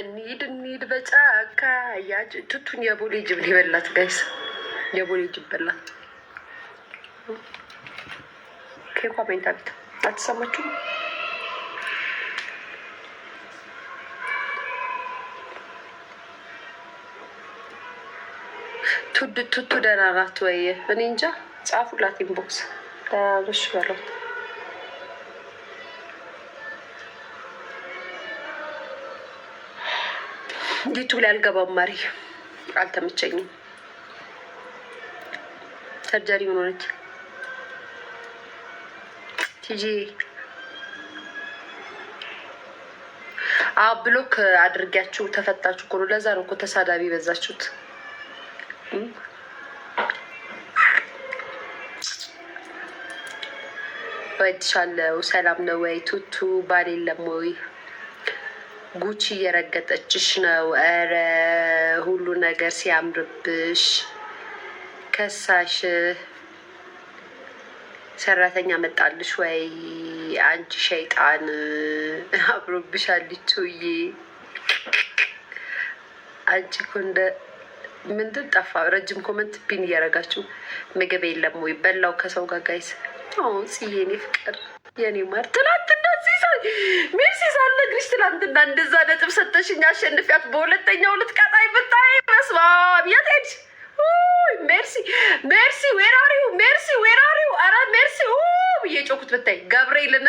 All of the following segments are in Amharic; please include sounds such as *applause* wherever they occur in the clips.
እንሂድ እንሂድ በጫካ ያጭ ቱቱን የቦሌ ጅብ ሊበላት ጋይስ፣ የቦሌ ጅብ በላት። ኬኳ መኝታ ቤት አትሰማችሁም? ቱቱ ደህና ናት ወይ? እኔ እንጃ። ጻፉላት ኢንቦክስ ደህና ነሽ በሏት። ዩቱብ ላይ አልገባም። ማሪ አልተመቸኝም። ሰርጀሪ ምን ሆነች? ቲጂ ብሎክ አድርጊያችሁ ተፈታችሁ እኮ ነው። ለዛ ነው እኮ ተሳዳቢ በዛችሁት። ወድሻለሁ። ሰላም ነው ወይ ቱቱ? ባል የለም ወይ? ጉቺ እየረገጠችሽ ነው። ኧረ ሁሉ ነገር ሲያምርብሽ ከሳሽ ሰራተኛ መጣልሽ ወይ? አንቺ ሸይጣን አብሮብሻል። ልችዬ አንቺ እኮ እንደ ምንድን ጠፋ። ረጅም ኮመንት ፒን እያደረጋችሁ ምግብ የለም ወይ በላው ከሰው ጋር ጋይስ። ጽዬ የኔ ፍቅር የኔ ማር ትላት ሜርሲ ሳልነግርሽ ትናንትና እንደዛ ነጥብ ሰጠሽኝ አሸንፊያት በሁለተኛው ልትቀጣይ ብታይ መስማ ብያት ሄድሽ። ሜርሲ ሜርሲ ዌራሪው ሜርሲ ዌራሪው አረ ሜርሲ ብዬ ጮኩት ብታይ ገብርኤልን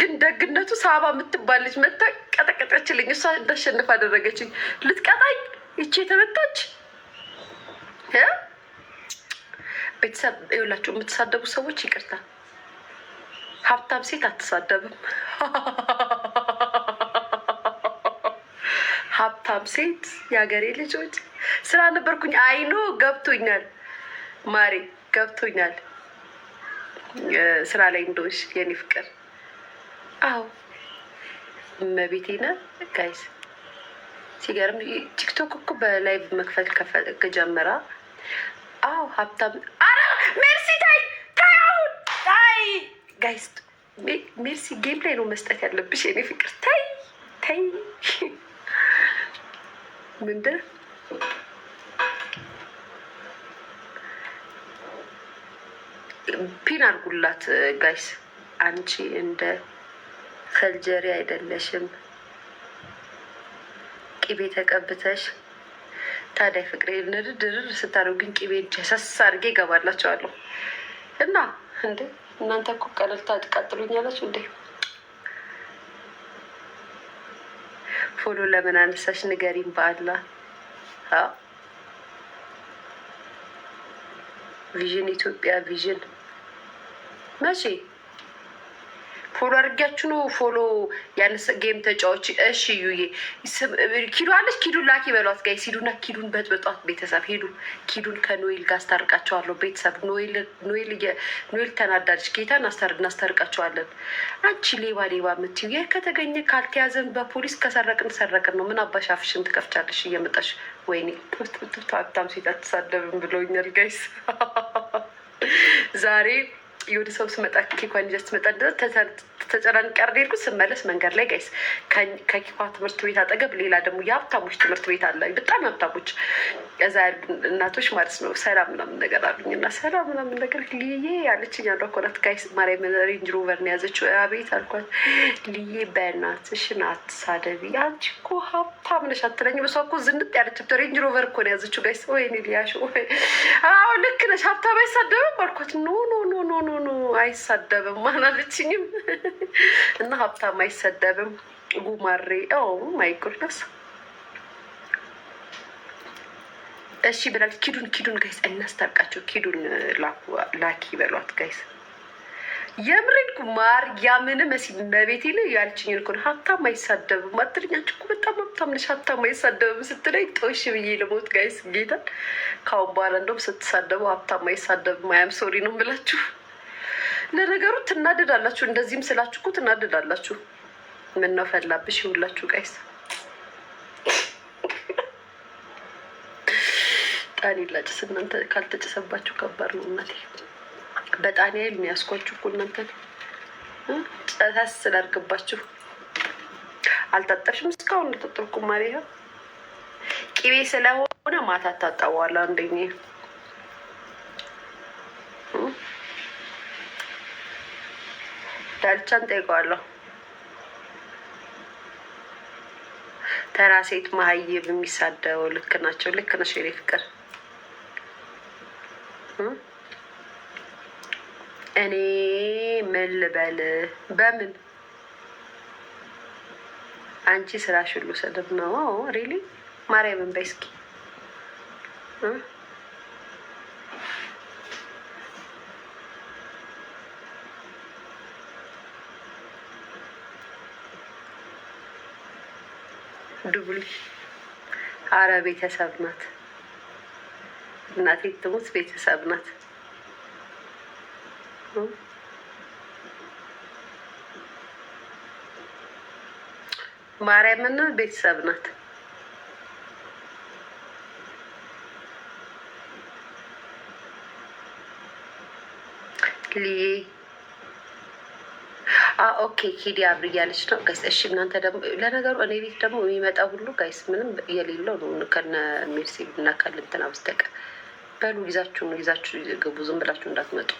ግን ደግነቱ ሳባ የምትባል ልጅ መታ ቀጠቀጠችልኝ። እሷ እንዳሸንፍ አደረገችኝ። ልትቀጣኝ ይቼ የተመታች ቤተሰብ የሁላችሁ የምትሳደቡ ሰዎች ይቅርታ ሀብታም ሴት አትሳደብም። *laughs* ሀብታም ሴት የሀገሬ ልጆች ነበርኩኝ አይኖ ገብቶኛል፣ ማሬ ገብቶኛል። ስራ ላይ እንደሆንሽ የኔ ፍቅር። አዎ እመቤቴና ጋይስ ሲገርም ቲክቶክ እኮ በላይቭ መክፈል ከጀመራ። አዎ ሀብታም ጋይስ ሜርሲ ጌም ላይ ነው መስጠት ያለብሽ። የኔ ፍቅር ታይ ታይ ምንድን ፒን አድርጉላት ጋይስ። አንቺ እንደ ፈልጀሪ አይደለሽም ቂቤ ተቀብተሽ ታዲያ ፍቅሬ ንድድርር ስታደርጉኝ ቅቤ ሰስ አድርጌ ይገባላቸዋለሁ እና እንዴ እናንተ እኮ ቀለል ታቃጥሉኛላችሁ እንዴ? ፎሎ ለምን አነሳሽ ንገሪም በአላ ቪዥን ኢትዮጵያ ቪዥን መቼ ፎሎ አድርጊያችሁ ነው ፎሎ ያን ጌም ተጫዎች። እሺ ዩዬ ኪዱ አለች። ኪዱን ላኪ በሏት ጋይ ሲዱና ኪዱን በጥበጧት። ቤተሰብ ሄዱ ኪዱን ከኖኤል ጋር አስታርቃቸዋለሁ። ቤተሰብ ኖኤል ተናዳለች። ጌታን እናስታርቃቸዋለን። አንቺ ሌባ ሌባ ምትዩ ይህ ከተገኘ ካልተያዘን በፖሊስ ከሰረቅን ሰረቅን ነው። ምን አባሽ አፍሽን ትከፍቻለሽ እየመጣሽ? ወይኔ ሀብታም ሴት አትሳደብም ብለውኛል ጋይስ *laughs* ዛሬ የወደ ሰው ስመጣ ኬኳን ይዛ ስትመጣ ድረስ ተሰርጥ ተጨናንቄ አይደል የሄድኩት። ስመለስ መንገድ ላይ ጋይስ ከኪፋ ትምህርት ቤት አጠገብ ሌላ ደግሞ የሀብታሞች ትምህርት ቤት አለ፣ በጣም ሀብታሞች እዛ ያሉ እናቶች ማለት ነው። ሰላም ምናምን ነገር አሉኝ እና ሰላም ምናምን ነገር ልዬ ያለችኝ አንዷ እኮ ናት ጋይስ። ማርያም ሬንጅ ነው ያዘችው። አቤት አልኳት። ልዬ በእናትሽ ናት ሳደቢ፣ አንቺ እኮ ሀብታም ነሽ አትለኝም። እሷ እኮ ዝንጥ ያለችበት ሬንጅ ሮቨር እኮ ነው ያዘችው። ጋይስ። ወይኔ ሊያሽ ወይ አዎ ልክ ነሽ ሀብታም አይሳደብም አልኳት። ኖ ኖ ኖ ኖ ኖ አይሳደብም አላለችኝም። *laughs* እና ሀብታም አይሰደብም። ጉማሬ ማይ ማይጎድነስ እሺ ብላል። ኪዱን ኪዱን ጋይስ እናስታርቃቸው። ኪዱን ላኪ በሏት ጋይስ። የምሬን ጉማር ያምን መሲል በቤቴ ላይ ያልችኝ ልኮን ሀብታም አይሳደብም አትልኛችሁ እኮ በጣም ሀብታም ነሽ፣ ሀብታም አይሳደብም ስትለኝ ጦሽ ብዬ ልሞት ጋይስ። ጌታን ካሁን በኋላ እንደውም ስትሳደቡ ሀብታም አይሳደብም አያም ሶሪ ነው ምላችሁ ለነገሩ ትናደዳላችሁ። እንደዚህም ስላችሁ እኮ ትናደዳላችሁ። ምን ነው ፈላብሽ ይሁላችሁ። ቀይስ ጣኔ ላጭስ። እናንተ ካልተጭሰባችሁ ከባድ ነው። እናቴ በጣኔ ይል የሚያስኳችሁ እኮ እናንተ ጨሳስ ስላርግባችሁ አልታጠብሽም። እስካሁን እንደተጠብኩ ማሪያ ቂቤ ስለሆነ ማታ ታጣዋላ አንደኛ ዳልቻን ጠይቀዋለሁ። ተራ ሴት መሀይብ የሚሳደበው ልክ ናቸው። ልክ ነሽ የኔ ፍቅር። እኔ ምን ልበል? በምን አንቺ ስራሽ ሁሉ ስድብ ነው። ሪሊ ማርያምን በይ እስኪ ድብሉ አረ ቤተሰብ ናት እናቴ ትሙት፣ ቤተሰብ ናት። ማርያምና ቤተሰብ ናት። ልዬ ኦኬ ሂዲ አብር እያለች ነው ጋይስ። እሺ እናንተ ደግሞ ለነገሩ እኔ ቤት ደግሞ የሚመጣ ሁሉ ጋይስ ምንም የሌለው ነው ከነ ሜርሲ እና ከልንትና በስተቀር በሉ ይዛችሁ ይዛችሁ ግቡ። ዝም ብላችሁ እንዳትመጡ።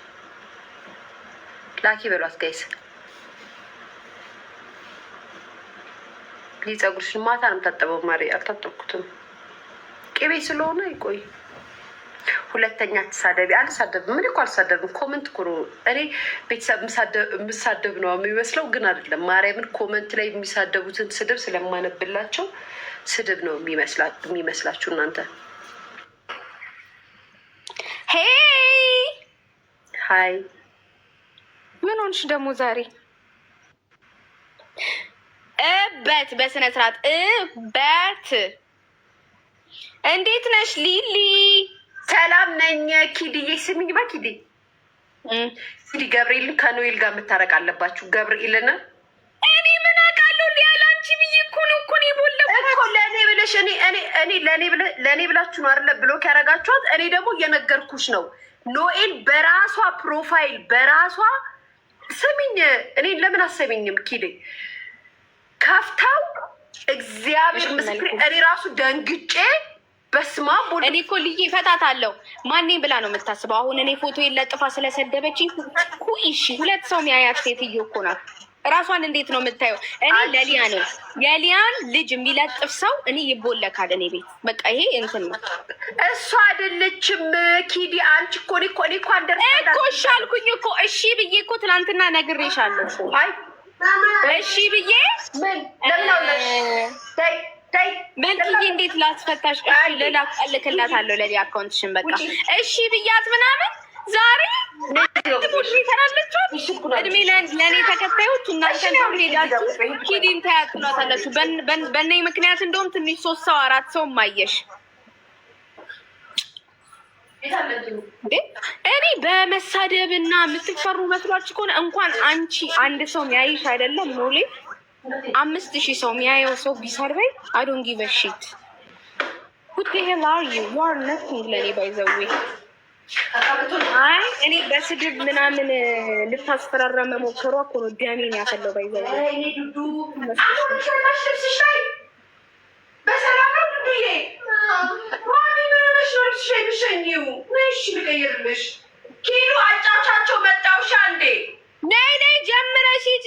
ላኪ በሏት ጋይስ። ይህ ፀጉርሽን ማታ ነው የምታጠበው? ማሪ አልታጠብኩትም፣ ቅቤ ስለሆነ ይቆይ ሁለተኛ አትሳደቢ። አልሳደብም። ምን እኮ አልሳደብም። ኮመንት ኩሩ እኔ ቤተሰብ የምሳደብ ነው የሚመስለው፣ ግን አይደለም። ማርያምን ኮመንት ላይ የሚሳደቡትን ስድብ ስለማነብላቸው ስድብ ነው የሚመስላችሁ እናንተ። ሄይ ሀይ፣ ምን ሆንሽ ደግሞ ዛሬ? እበት በስነ ስርዓት እበት። እንዴት ነሽ ሊሊ? ሰላም ነኝ ኪድዬ። ስሚኝ ባ ኪዲ ኪድ ገብርኤልን ከኖኤል ጋር የምታረቅ አለባችሁ። ገብርኤልን እኔ ምን አውቃለሁ? ሊያላንቺ ብዬ ኩን ኩን የቦለ ለእኔ ብለሽ እኔ እኔ እኔ ለእኔ ለእኔ ብላችሁ ነው አይደለ ብሎክ ያደረጋችኋት። እኔ ደግሞ እየነገርኩሽ ነው። ኖኤል በራሷ ፕሮፋይል በራሷ ስሚኝ፣ እኔ ለምን አሰሚኝም ኪድ ከፍታው እግዚአብሔር ምስክሬ እኔ ራሱ ደንግጬ በስማ እኔ እኮ ልዬ ፈታት አለው ማኔ ብላ ነው የምታስበው። አሁን እኔ ፎቶ የለጥፋ ስለሰደበችኝ ይሺ ሁለት ሰው ሚያያት ሴትዮ እኮ ናት። እራሷን እንዴት ነው የምታየው? እኔ ለሊያ ነው የሊያን ልጅ የሚለጥፍ ሰው እኔ ይቦለካል። እኔ ቤት በቃ ይሄ እንትን ነው። እሱ አይደለችም ኪዲ። አንቺ እኮ እኔ እኮ እኔ እኮ እኮ እሺ አልኩኝ እኮ እሺ ብዬ እኮ ትናንትና ነግሬሻለሁ። እሺ ብዬ ምን ለምን አውለሽ በልኪ እንዴት ላስፈታሽ? እልክላታለሁ ለእኔ አካውንትሽን በቃ እሺ ብያት ምናምን ዛሬ ቡድን ይሰራለችኋል። እድሜ ለእኔ ተከታዮች እናንተ ሄዳችሁ ኪዲን ተያጥሏታላችሁ። በእነ ምክንያት እንደውም ትንሽ ሶስት ሰው አራት ሰው ማየሽ እኔ በመሳደብ እና የምትፈሩ መስሏችሁ ከሆነ እንኳን አንቺ አንድ ሰው ሚያይሽ አይደለም ኖሌ አምስት ሺህ ሰው የሚያየው ሰው ቢሰርበኝ አዶን ጊቭ አ ሺት ሁት ሄል አር ዩ ዩ አር ነቲንግ ለእኔ ባይዘዌ አይ እኔ በስድብ ምናምን ልታስፈራራ መሞከሯ እኮ ነው ደሜን ያፈለው። ባይዘዌ ነይ ነይ ጀምረሽ ሂጂ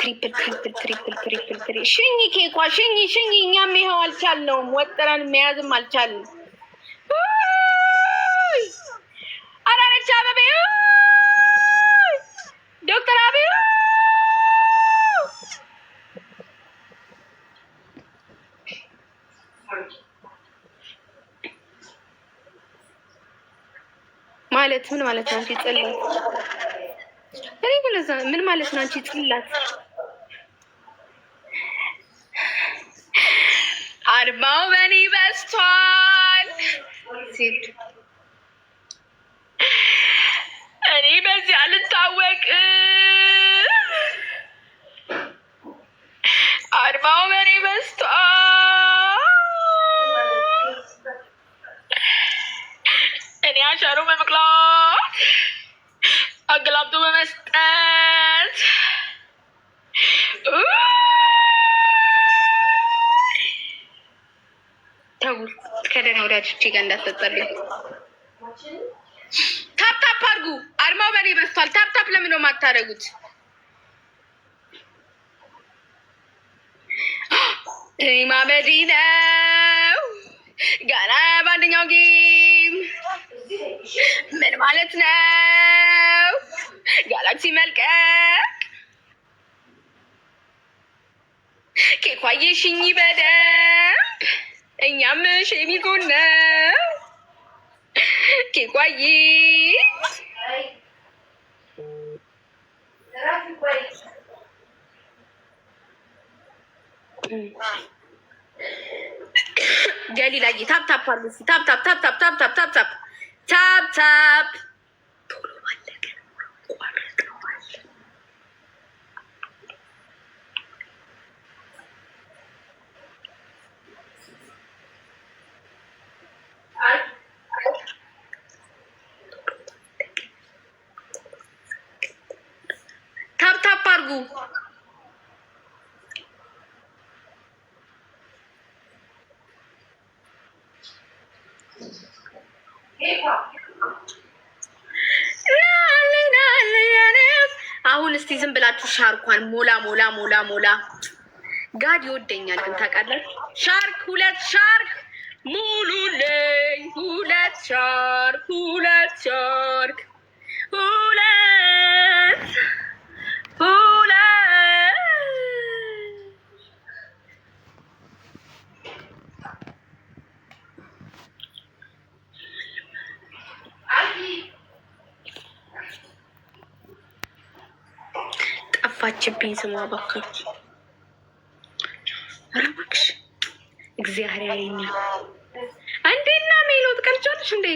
ትሪፕል ትሪፕል ትሪፕል ትሪፕል ትሪ ሽኝ ኬኳ ሽኝ ሽኝ። እኛም ይኸው አልቻለውም፣ ወጥረን መያዝም አልቻለም። አዳነች አበቤ ዶክተር አብይ ማለት ምን ማለት ነው? ሲጸልይ እኔ ግን እዛ ምን ማለት ነው? አንቺ ጽላት አርባው በኔ በስቷል። እኔ በዚህ አልታወቅ። አርባው በኔ በስቷል። እቺ ጋር እንዳትጠልኝ። ታፕ አድርጉ። አርማው በኔ በስቷል። ታፕታፕ ለምን ነው የማታደርጉት? ማመዲ ነው ገና በአንደኛው ጌም ምን ማለት ነው? ጋላክሲ መልቀቅ ኬኳየሽኝ በደም እኛም ሸሚጎን ነው ገሊላዬ ታፕ ታፕ አሉ ታፕ ታፕ ታፕ ታፕ ታፕ ታፕ ታፕ ታፕ አሁን እስቲ ዝም ብላችሁ ሻርኳን ሞላ ሞላ ሞላ ሞላ ጋድ ይወደኛል ግን ታውቃላችሁ። ሻርክ ሁለት ሻርክ ሙሉልኝ ሁለት ሻርክ ሁለት ሻርክ ሁለት ጠፋችብኝ ስሟ እባክህ። ኧረ እባክሽ እግዚአብሔር ያለኛ እንዴና ሜሎት ቀልጫለሽ እንዴ?